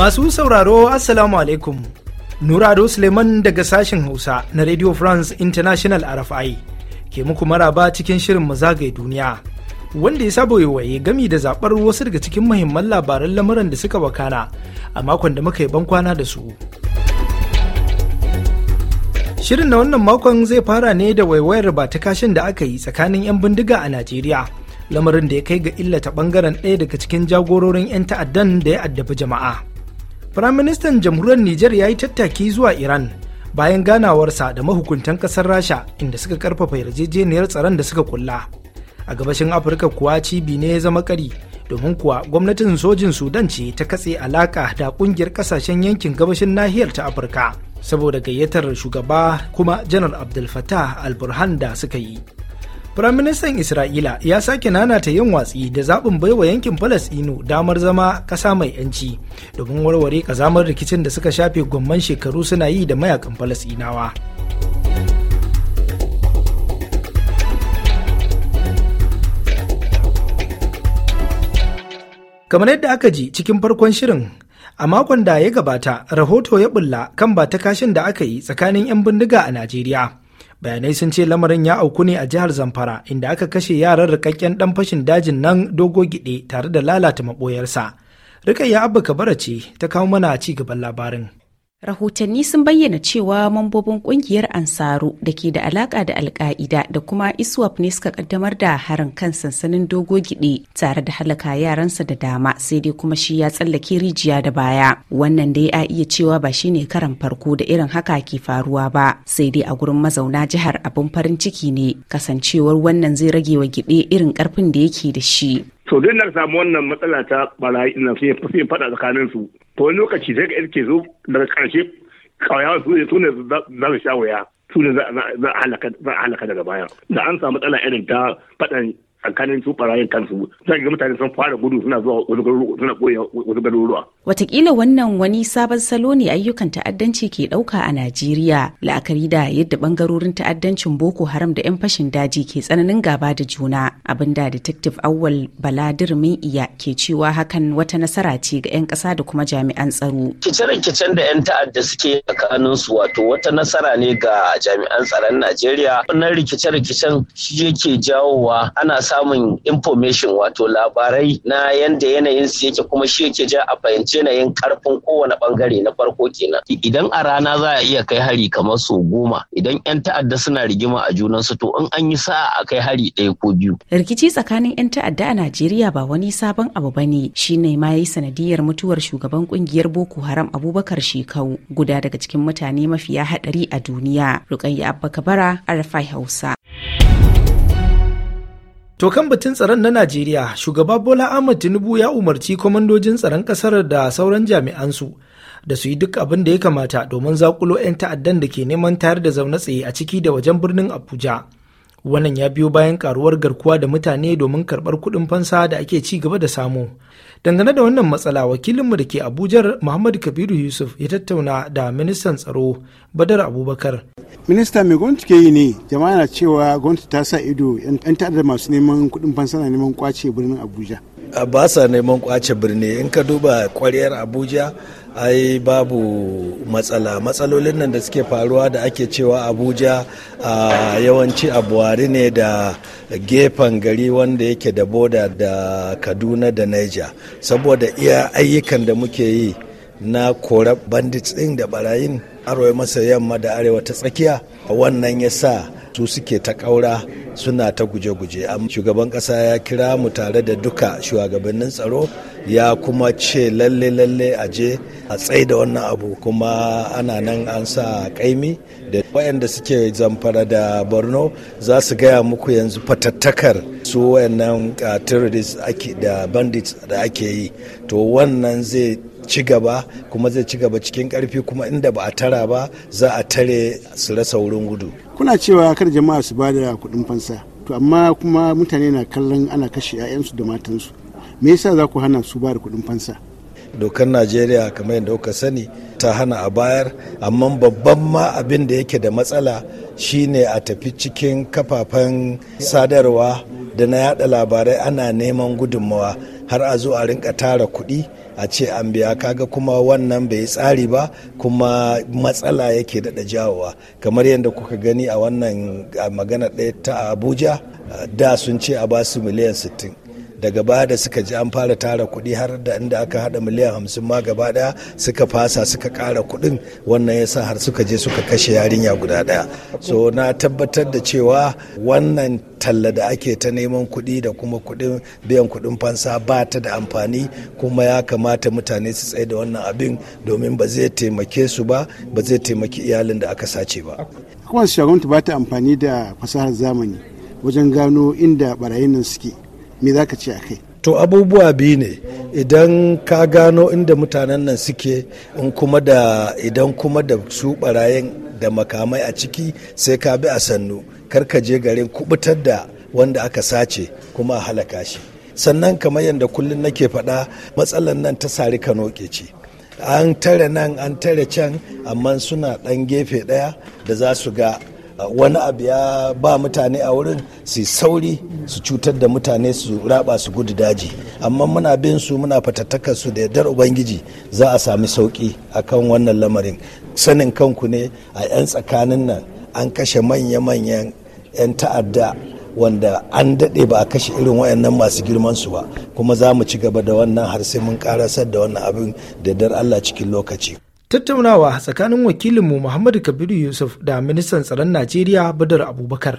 Masu sauraro Assalamu alaikum. Nurado Suleiman daga sashen Hausa na Radio France International RFI ke muku maraba cikin shirin mazagai duniya. Wanda ya saba waye gami da zaɓar wasu daga cikin muhimman labaran lamuran da suka wakana a makon da muka yi bankwana da su. Shirin na wannan makon zai fara ne da waiwayar ba ta kashin da aka yi tsakanin 'yan bindiga a Najeriya. Lamarin da ya kai ga illata ɓangaren ɗaya daga cikin jagororin 'yan ta'addan da ya addabi jama'a. Firaministan jamhuriyar Nijar ya yi tattaki zuwa Iran bayan ganawarsa da mahukuntan kasar Rasha inda suka karfafa yarjejeniyar tsaron da suka kulla. A gabashin Afirka kuwa cibi ne ya zama kari domin kuwa gwamnatin sojin Sudan ce ta katse alaka da kungiyar kasashen yankin gabashin nahiyar ta Afirka saboda gayyatar shugaba kuma janar Abdul Fattah al-Burhan da suka yi. Firaministan Isra'ila ya sake nanata yin watsi da zaɓin baiwa yankin Falasɗinu damar zama ƙasa mai 'yanci domin warware ƙazamar rikicin da suka shafe gwamman shekaru suna yi da mayakan Falasɗinawa. Kamar yadda aka ji cikin farkon shirin a makon da ya gabata rahoto ya bulla kan ba ta kashin da aka yi tsakanin 'yan bindiga a Najeriya. bayanai sun ce lamarin ya auku ne a jihar zamfara inda aka kashe yaran rikakken dan fashin dajin nan dogo gide tare da lalata maɓoyarsa rikayya abba kabara ce ta kawo mana a ci gaban labarin Rahotanni sun bayyana cewa mambobin kungiyar Ansaru da ke da alaka da Alka'ida da kuma ISWAP ne suka kaddamar da harin kan sansanin dogo gide tare da halaka yaransa da dama sai dai kuma shi ya tsallake rijiya da baya. Wannan dai a iya cewa ba shine ne karan farko da irin haka ke faruwa ba sai dai a gurin mazauna jihar abin farin ciki ne kasancewar wannan zai rage wa gide irin karfin da yake da shi. to duk na samu wannan matsala ta barayi na sai faɗa tsakanin su to wani lokaci sai ka iske zo daga karshe kawaya su ne sune za su sha wuya su ne za a halaka daga baya da an samu matsala irin ta faɗan tsakanin su barayin kansu sai ga mutane sun fara gudu suna zuwa suna koya wasu garuruwa. Watakila wannan wani sabon salo ne ayyukan ta'addanci ke ɗauka a Najeriya la'akari da yadda bangarorin ta'addancin Boko Haram da 'yan fashin daji ke tsananin gaba da juna abinda Detective Awwal Bala Dirmin Iya ke cewa hakan wata nasara ce ga 'yan ƙasa da kuma jami'an tsaro. rikice-rikicen da 'yan ta'adda suke tsakanin su wato wata nasara ne ga jami'an tsaron Najeriya. Wannan rikice-rikicen shi yake jawowa ana samun information wato labarai na yanda yanayin su yake kuma shi yake ja a fahimci yanayin karfin kowane bangare na farko kenan idan a rana za a iya kai hari kamar su goma idan yan ta'adda suna rigima a junan su to in an yi sa'a a kai hari ɗaya ko biyu rikici tsakanin yan ta'adda a Najeriya ba wani sabon abu bane shine ma yayi sanadiyar mutuwar shugaban kungiyar Boko Haram Abubakar Shekau guda daga cikin mutane mafiya hadari a duniya Rukayya Abba Kabara Arfai Hausa To kan batun tsaron na Najeriya, shugaba Bola Ahmed Tinubu ya umarci kwamandojin tsaron kasar da sauran jami'ansu da su yi duk abin da ya kamata domin zakulo 'yan ta'addan da ke neman tayar da zaune tsaye a ciki da wajen birnin Abuja. Wannan ya biyo bayan karuwar garkuwa da mutane domin karɓar kuɗin fansa da ake ci gaba da samu. Dangane da wannan matsala, wakilinmu da ke Abuja, Muhammad Kabiru Yusuf ya tattauna da ministan tsaro Badar Abubakar. minista mai gwamnati ke yi ne jama'a na cewa gwamnati ta sa ido 'yan ta'adda masu neman kuɗin fansana neman kwace birnin abuja ba sa neman kwace birni in ka duba kwaryar abuja ai babu matsala matsalolin nan da suke faruwa da ake cewa abuja a yawanci a ne da gefen gari wanda yake da boda da kaduna da niger saboda iya ayyukan da muke yi na kora bandits ɗin da barayin arewa masa yamma da arewa ta tsakiya wannan ya sa su suke ta kaura suna ta guje-guje amma shugaban ƙasa ya kira mu tare da duka shugabannin tsaro ya kuma ce lalle-lalle a je a tsaye da wannan abu kuma ana nan an sa kaimi da wayanda suke zamfara da borno za su gaya muku yanzu fatattakar su wayannan ah, terrorists da bandits da ake yi to wannan zai ci gaba kuma zai ci gaba cikin karfi kuma inda ba a tara ba za a tare su rasa wurin gudu kuna cewa kar jama'a su bada kuɗin fansa to amma kuma mutane na kallon ana kashe 'ya'yansu da matansu me yasa za ku hana su ba da kuɗin fansa dokar najeriya kamar yadda kuka sani ta hana a bayar amma babban ma abin da yake da matsala shine a tafi cikin kafafen sadarwa da na yada labarai ana neman gudunmawa har a zo a rinka tara kuɗi a ce an biya kaga kuma wannan bai tsari ba kuma matsala yake daɗa jawowa kamar yadda kuka gani a wannan magana ɗaya ta abuja da sun ce a basu miliyan sittin. daga baya da suka ji an fara tara kuɗi har da inda aka haɗa miliyan hamsin ma gaba ɗaya suka fasa suka ƙara kuɗin wannan ya sa har suka je suka kashe yarinya guda ɗaya so na tabbatar da cewa wannan talla da ake ta neman kuɗi da kuma kuɗin biyan kuɗin fansa ba ta da amfani kuma ya kamata mutane su tsaye da wannan abin domin ba zai taimake su ba ba zai taimaki iyalin da aka sace ba. Kuma su ba ta amfani da fasahar zamani wajen gano inda barayin nan suke me za ka ce a kai to abubuwa biyu ne idan ka gano inda mutanen nan suke in kuma da idan kuma da su barayin da makamai a ciki sai ka bi a sannu kar ka je garin kubutar da wanda aka sace kuma a halaka shi sannan kamar yadda kullum nake faɗa matsalar nan ta sari ke ce an tare nan an tare can amma suna ɗan gefe ɗaya da za su ga wani abu ya ba mutane a wurin su sauri su cutar da mutane su raba su gudu daji amma muna bin su muna fatattakar su da yardar ubangiji za a sami sauki akan wannan lamarin sanin kanku ne a 'yan tsakanin nan an kashe manya-manyan 'yan ta'adda wanda an daɗe ba a kashe irin wayannan masu girman su ba kuma za mu ci gaba da wannan har sai mun karasar da wannan abin da dar Allah cikin lokaci tattaunawa tsakanin wakilinmu muhammadu kabiru yusuf da ministan tsaron najeriya badar abubakar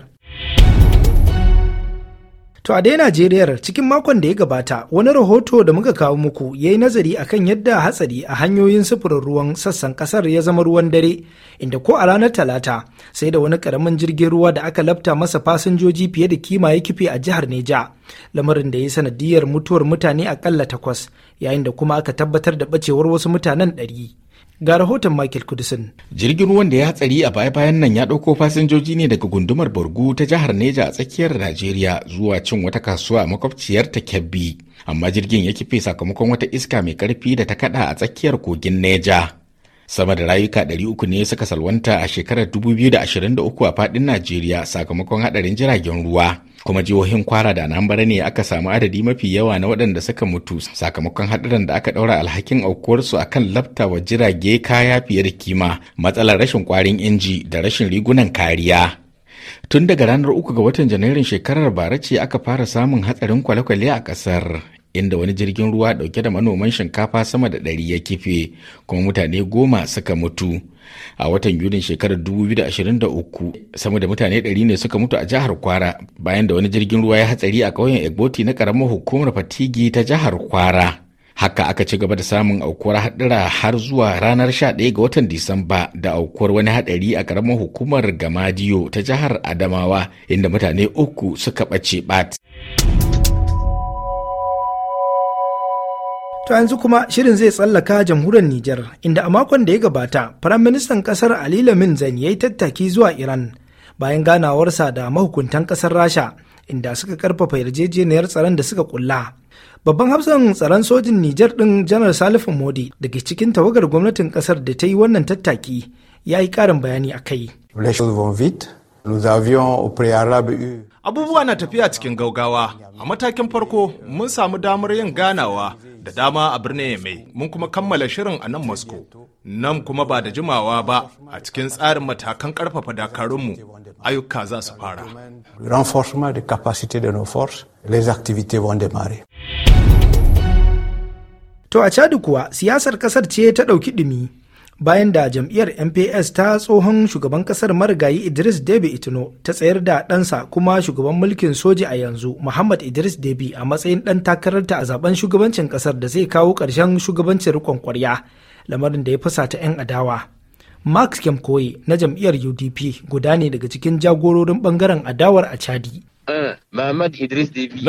To a dai Najeriyar cikin makon da ya gabata wani rahoto da muka kawo muku ya yi nazari akan yadda hatsari a hanyoyin sufurin ruwan sassan kasar ya zama ruwan dare inda ko a ranar talata sai da wani karamin jirgin ruwa da aka lafta masa fasinjoji fiye da kima ya kife a jihar Neja lamarin da ya yi sanadiyar mutuwar mutane akalla takwas yayin da kuma aka tabbatar da bacewar wasu mutanen ɗari. Ga rahoton Michael Kudisin. Jirgin ruwan da ya hatsari a baya-bayan nan ya ɗauko fasinjoji ne daga gundumar Borgu ta jihar Neja a tsakiyar Najeriya zuwa cin wata kasuwa a makwabciyar ta Kebbi. Amma jirgin ya kife sakamakon wata iska mai ƙarfi da ta kaɗa a tsakiyar kogin Neja. sama da rayuka 300 ne suka salwanta a shekarar 2023 a fadin najeriya sakamakon hadarin jiragen ruwa kuma jihohin kwara da anambra ne aka samu adadi mafi yawa na waɗanda suka mutu sakamakon haɗarin da aka ɗaura alhakin aukuwarsu a kan lafta wa jirage kaya fiye da kima matsalar rashin kwarin inji da rashin rigunan kariya tun daga ranar uku ga watan janairun shekarar bara ce aka fara samun hatsarin kwale-kwale a ƙasar inda wani jirgin ruwa dauke da manoman shinkafa sama da ɗari ya kife kuma mutane goma suka mutu a watan yunin shekarar 2023 sama da mutane ɗari ne suka mutu a jihar kwara bayan da wani jirgin ruwa ya hatsari a ƙauyen egboti na ƙaramar hukumar fatigi ta jihar kwara haka aka ci gaba da samun aukuwar haɗura har zuwa ranar 11 ga watan disamba da aukuwar wani haɗari a ƙaramar hukumar gamadiyo ta jihar adamawa inda mutane uku suka ɓace bat. To yanzu kuma shirin zai tsallaka jamhuriyar Nijar inda a makon da ya gabata ministan ƙasar Ali Lamin Zain ya yi tattaki zuwa Iran bayan ganawarsa da mahukuntan ƙasar Rasha inda suka ƙarfafa yarjejeniyar tsaron da suka kulla. Babban hafsan tsaron sojin Nijar ɗin Janar Salifu Modi daga cikin tawagar gwamnatin ƙasar da ta yi wannan tattaki ya yi ƙarin bayani a kai. abubuwa na tafiya cikin gaugawa a matakin farko mun samu damar yin ganawa da dama a birnin mai mun kuma kammala shirin a nan moscow nan kuma ba da jimawa ba a cikin tsarin matakan karfafa dakarunmu ayyuka za su fara de to a cadi kuwa siyasar kasar ce ta ɗauki ɗumi bayan da jam'iyyar mps ta tsohon shugaban kasar marigayi idris debi itino ta tsayar da ɗansa kuma shugaban mulkin soji a yanzu muhammad idris debi a matsayin ɗan takararta a zaben shugabancin kasar da zai kawo ƙarshen shugabancin rikon kwarya lamarin da ya fusata 'yan adawa max kemkoye na jam'iyyar udp guda ne daga cikin jagororin bangaren adawar a chadi eh, Na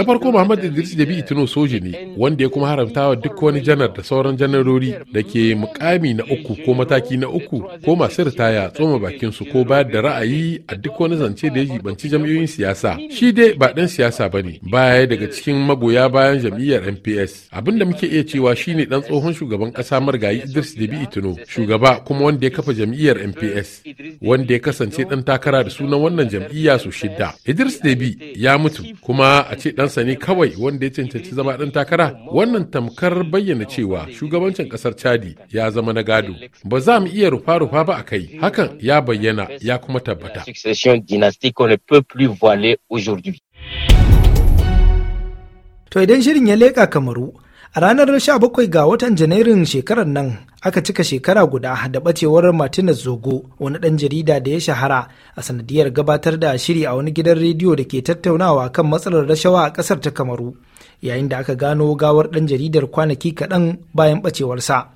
farko Muhammad Idris Debi Itino soja ne wanda ya kuma haramta wa duk wani janar da sauran janarori da ke mukami na uku ko mataki na uku ko masu ritaya tsoma bakinsu ko bayar da ra'ayi a duk wani zance da ya jibanci jam'iyyoyin siyasa. Shi dai ba ɗan siyasa ba ne baya daga cikin magoya bayan jam'iyyar mps Abin da muke iya cewa shi ne dan tsohon shugaban ƙasa Margayi Idris Debi Itino shugaba kuma wanda ya kafa jam'iyyar mps wanda ya kasance ɗan takara da sunan wannan jam'iyya su shidda. Idris Debi ya mutu mutu kuma a ce ɗansa ne kawai wanda ya cancanci zama ɗan takara wannan tamkar bayyana cewa shugabancin ƙasar chadi ya zama na gado ba za mu iya rufa-rufa ba a kai hakan ya bayyana ya kuma tabbata to idan shirin ya leƙa kamaru A ranar 17 ga watan Janairun shekarar nan aka cika shekara guda da ɓacewar Martinez Zogo wani ɗan jarida da ya shahara a sanadiyar gabatar da shiri a wani gidan rediyo da ke tattaunawa kan matsalar rashawa a ƙasar ta Kamaru yayin da aka gano gawar ɗan jaridar kwanaki kaɗan bayan ɓacewarsa.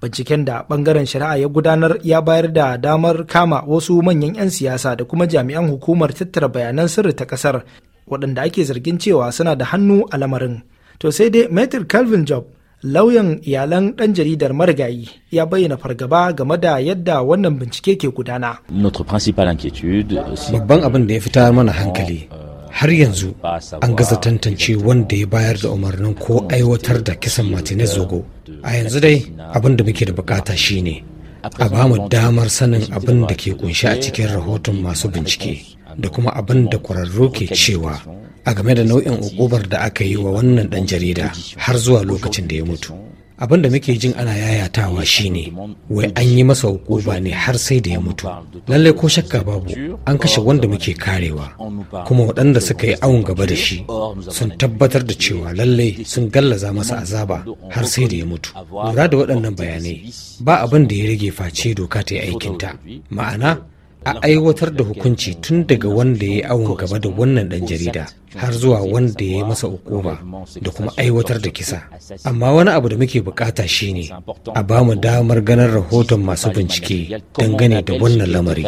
Binciken da ɓangaren shari'a ya gudanar ya bayar da damar kama wasu manyan 'yan siyasa da kuma jami'an hukumar tattara bayanan sirri ta ƙasar waɗanda ake zargin cewa suna da hannu a lamarin. to sai dai metr calvin job lauyan iyalan ɗan jaridar marigayi ya bayyana fargaba game da yadda wannan bincike ke gudana euh, babban abin da ya fita mana hankali euh, har yanzu an gaza tantance wanda ya bayar da umarnin ko aiwatar da kisan martinez zogo a yanzu dai abin da muke da bukata shine a ba mu damar sanin abin da ke kunshi a cikin rahoton masu bincike da kuma abin da kwararru ke cewa a game da nau'in ukubar da aka yi wa wannan ɗan jarida har zuwa lokacin da ya mutu abin da muke jin ana yayatawa shine wai an yi masa hukuma ne har sai da ya mutu lallai ko shakka babu an kashe wanda muke karewa kuma waɗanda suka yi awon gaba da shi sun tabbatar da cewa lallai sun gallaza masa azaba har sai da ya mutu lura da waɗannan bayanai ba abin da ya rage face doka ta yi aikinta ma'ana a aiwatar da hukunci tun daga wanda ya yi awon gaba da wannan dan jarida har zuwa wanda ya yi masa hukuma da kuma aiwatar da kisa amma wani abu da muke bukata shine a bamu damar ganin rahoton masu bincike dangane da wannan lamari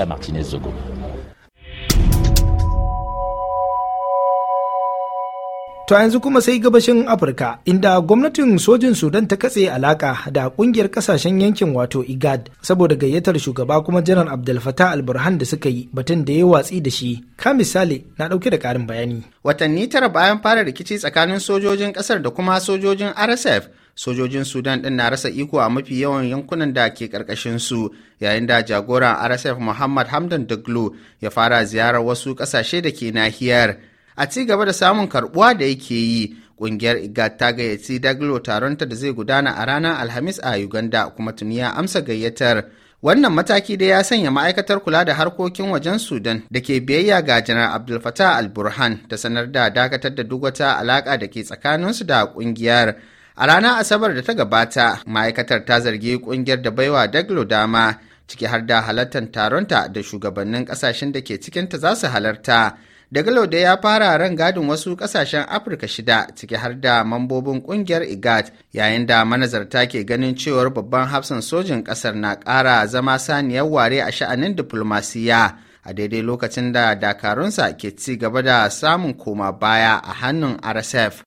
To yanzu kuma sai gabashin Afirka inda gwamnatin sojin Sudan ta katse alaka da kungiyar kasashen yankin wato IGAD saboda gayyatar shugaba kuma janar Abdel Fattah al-Burhan da suka yi batun da ya watsi da shi. Ka misali na dauke da karin bayani. Watanni tara bayan fara rikici tsakanin sojojin kasar da kuma sojojin RSF sojojin Sudan ɗin na rasa iko a mafi yawan yankunan da ke karkashin su yayin da jagoran RSF Muhammad Hamdan Daglo ya fara ziyarar wasu kasashe da ke nahiyar. a ci gaba da samun karbuwa da yake yi kungiyar igat ta gayyaci daglo taronta da zai gudana a ranar alhamis a uganda kuma tuni ya amsa gayyatar wannan mataki dai ya sanya ma'aikatar kula da harkokin wajen sudan da ke biyayya ga janar abdul fatah al-burhan ta sanar da dakatar da duk wata alaka da ke tsakaninsu da kungiyar a ranar asabar da ta gabata ma'aikatar ta zargi kungiyar da baiwa daglo dama ciki har da halartar taronta da shugabannin kasashen da ke cikinta za su halarta lauda ya fara ran gadin wasu kasashen Afirka shida ciki har da mambobin kungiyar Igat yayin da manazarta ke ganin cewar babban hafsan sojin kasar na ƙara zama saniyar ware a sha'anin diflomasiya a daidai lokacin da dakarunsa ke ci gaba da samun koma baya a hannun RSF.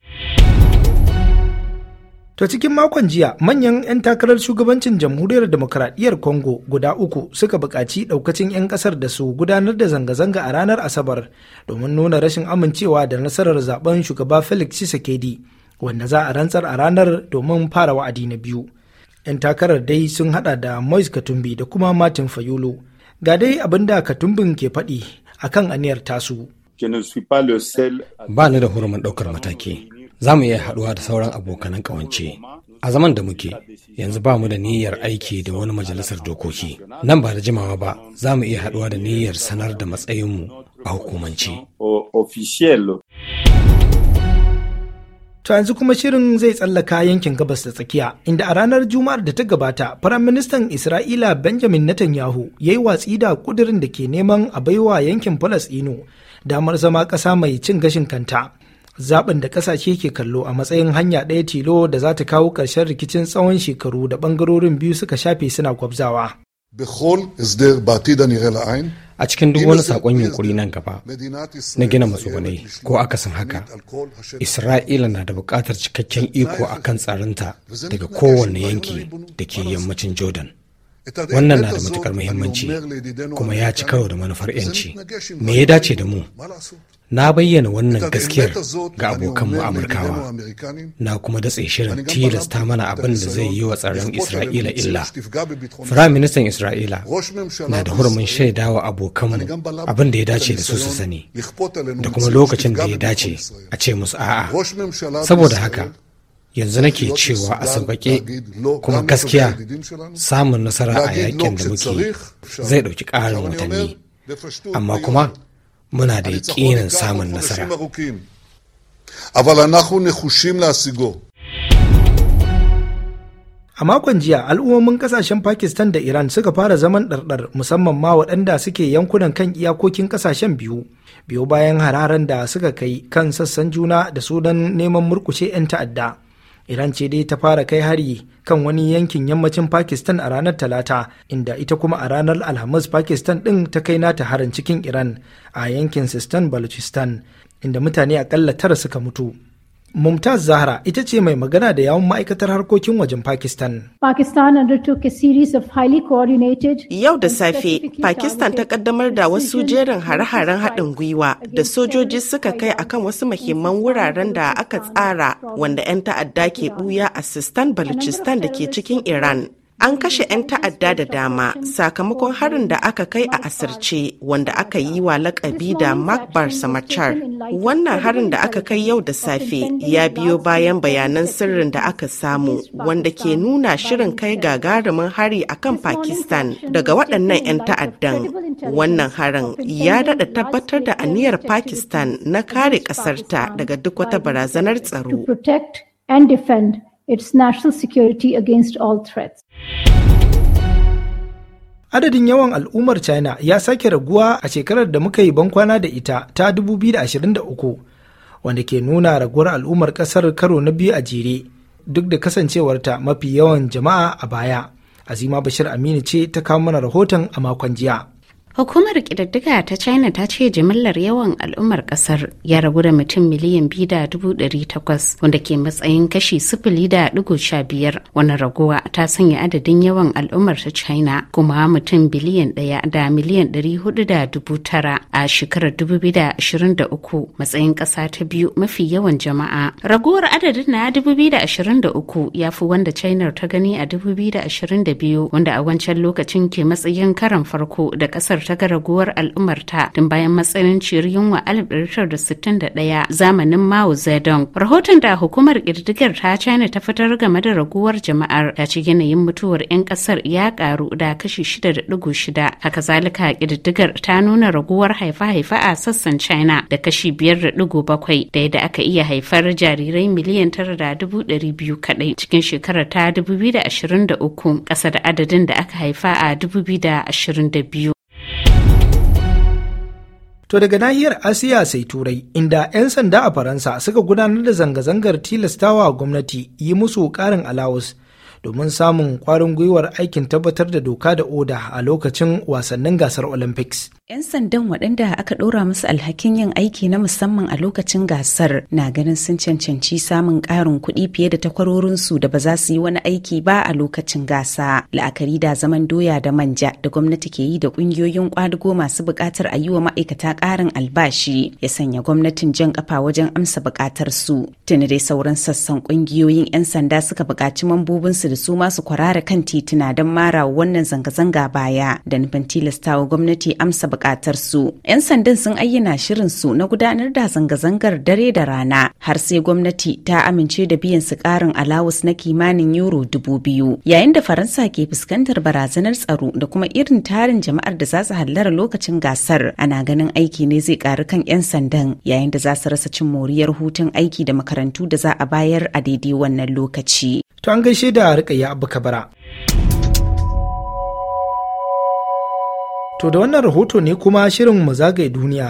To cikin makon jiya manyan 'yan takarar shugabancin jamhuriyar demokradiyyar Congo guda uku suka buƙaci ɗaukacin 'yan ƙasar da su gudanar da zanga-zanga a ranar Asabar domin nuna rashin amincewa da nasarar zaben shugaba Felix Tshisekedi wanda za a rantsar a ranar domin fara wa'adi na biyu. 'Yan takarar dai sun haɗa da Moise Katumbi da kuma Martin Fayolo. Ga dai abin da Katumbin ke faɗi akan aniyar tasu. Ba ni da hurumin ɗaukar mataki. za mu iya haɗuwa da sauran abokanan ƙawance. A zaman da muke, yanzu ba mu da niyyar aiki da wani majalisar dokoki. Nan ba da jimawa ba, za mu iya haɗuwa da niyyar sanar da matsayinmu a hukumance. To yanzu kuma shirin zai tsallaka yankin gabas da tsakiya, inda a ranar Juma'ar da ta gabata, Ministan Isra'ila Benjamin Netanyahu ya yi watsi da kudirin da ke neman a baiwa yankin Falasɗinu damar zama ƙasa mai cin gashin kanta. zaɓin da ƙasashe ke kallo a matsayin hanya ɗaya tilo da za ta kawo ƙarshen rikicin tsawon shekaru da ɓangarorin biyu suka shafe suna gwabzawa. A cikin duk wani saƙon yunkuri nan gaba na gina matsuguni ko akasin haka, Isra'ila na da buƙatar cikakken iko a kan tsarinta daga kowane yanki da ke yammacin Jordan. wannan na da matukar muhimmanci kuma ya ci karo da manufar yanci me ya dace da mu na bayyana wannan gaskiyar ga abokanmu amurkawa na kuma datse shirin tilasta mana abin da zai yi wa tsaron isra'ila illa firaministan isra'ila na da hurumin wa abokanmu abin da ya dace da su su sani da kuma lokacin da ya dace a ce musu a'a saboda haka yanzu nake cewa a sauƙaƙe kuma gaskiya samun nasara a yakin da muke zai ɗauki ƙarin watanni amma kuma muna da yaƙinin samun nasara A makon jiya al'ummomin kasashen Pakistan da Iran suka fara zaman ɗarɗar musamman ma waɗanda suke yankunan kan iyakokin kasashen biyu, biyu bayan hararen da suka kai kan sassan juna da sunan neman murkushe 'yan ta'adda. Iran ce dai ta fara kai hari kan wani yankin yammacin Pakistan a ranar Talata, inda ita kuma a ranar Alhamis Pakistan ɗin ta kai nata harin cikin Iran a yankin Sistan Balochistan, inda mutane akalla tara suka mutu. Mumtaz Zahra ita ce mai magana da yawun ma'aikatar harkokin wajen Pakistan. Pakistan undertook a series of highly coordinated Yau da safe, Pakistan ta kaddamar da wasu jerin hare-haren haɗin gwiwa da sojoji suka kai akan wasu mahimman wuraren da aka tsara wanda 'yan ta'adda ke buya a Sistan Baluchistan da ke cikin Iran. An kashe 'yan ta'adda da dama sakamakon harin da aka kai a asirce wanda aka yi wa lakabi da Makbar Samachar. Wannan harin da aka kai yau da safe ya biyo bayan bayanan sirrin da aka samu wanda ke nuna shirin kai gagarumin hari a kan Pakistan daga waɗannan 'yan ta'addan. Wannan harin ya daɗa tabbatar da aniyar Pakistan na kare ƙasarta daga duk wata barazanar tsaro. its national security against all threats. Adadin yawan al'ummar China ya sake raguwa a shekarar da muka yi bankwana da ita ta 2023, wanda ke nuna raguwar al'ummar ƙasar karo na biyu a jere, duk da kasancewarta mafi yawan jama'a a baya. Azima Bashir Aminu ce ta kawo mana rahoton a makon jiya. Hukumar kididdiga ta China ta ce jimillar yawan al'ummar ƙasar ya ragu da mutum miliyan biyu da dubu ɗari takwas wanda ke matsayin kashi sifili da ɗigo sha biyar wani raguwa ta sanya adadin yawan al'ummar ta China kuma mutum biliyan ɗaya da miliyan ɗari hudu da dubu tara a shekarar dubu biyu da ashirin da uku matsayin ƙasa ta biyu mafi yawan jama'a. Raguwar adadin na dubu biyu da ashirin da uku ya fi wanda China ta gani a dubu biyu da ashirin da biyu wanda a wancan lokacin ke matsayin karan farko da ƙasar ta ga raguwar al'ummarta tun bayan matsananciyar yunwa 1961 zamanin Mao Zedong. Rahoton da hukumar kirdigar ta China ta fitar game da raguwar jama'ar ta ci yanayin mutuwar 'yan kasar ya karu da kashi 6.6. Haka zalika kirdigar ta nuna raguwar haifa-haifa a sassan China da kashi 5.7 da yadda aka iya haifar jarirai miliyan 9.200 kadai cikin shekarar ta 2023 ƙasa da adadin da aka haifa a 2022. To daga nahiyar Asiya sai Turai, inda 'yan sanda a Faransa suka gudanar da zanga-zangar tilastawa gwamnati yi musu ƙarin alawus domin samun kwarin gwiwar aikin tabbatar da doka da oda a lokacin wasannin gasar olympics 'yan sandan waɗanda aka ɗora musu alhakin yin aiki na musamman a lokacin gasar na ganin sun cancanci samun ƙarin kuɗi fiye da takwarorinsu da ba za su yi wani aiki ba a lokacin gasa la'akari da zaman doya da manja da gwamnati ke yi da ƙungiyoyin ƙwadago masu buƙatar a yi wa ma'aikata ƙarin albashi ya sanya gwamnatin jan ƙafa wajen amsa buƙatar su tuni dai sauran sassan ƙungiyoyin 'yan sanda suka buƙaci mambobinsu da su masu kwarara kan tituna don mara wannan zanga-zanga baya da nufin tilastawa gwamnati amsa bukatar su. 'Yan sandan sun ayyana shirin su na gudanar da zanga-zangar dare da rana har sai gwamnati ta amince da biyan su karin alawus na kimanin euro dubu biyu. Yayin da Faransa ke fuskantar barazanar tsaro da kuma irin tarin jama'ar da za su hallara lokacin gasar ana ganin aiki ne zai karu kan 'yan sandan yayin da za su rasa cin moriyar hutun aiki da makarantu da za a bayar a daidai wannan lokaci. To an gaishe da rikayya abu kabara. To da wannan rahoto ne kuma shirin mu zagaye duniya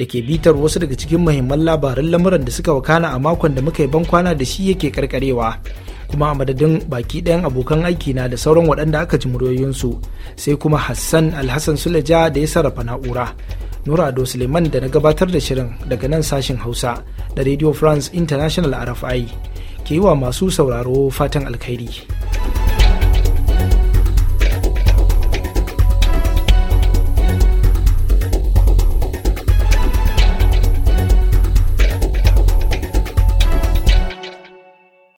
da ke bitar wasu daga cikin muhimman labaran lamuran da suka wakana a makon da muka yi ban kwana da shi yake karkarewa. Kuma a madadin baki ɗayan abokan aiki na da sauran waɗanda aka ji muryoyinsu sai kuma Hassan Alhassan Suleja da ya sarrafa na'ura. Nura Ado Suleiman da na gabatar da shirin daga nan sashin Hausa da Radio France International RFI. ke yi wa masu sauraro fatan alkhairi.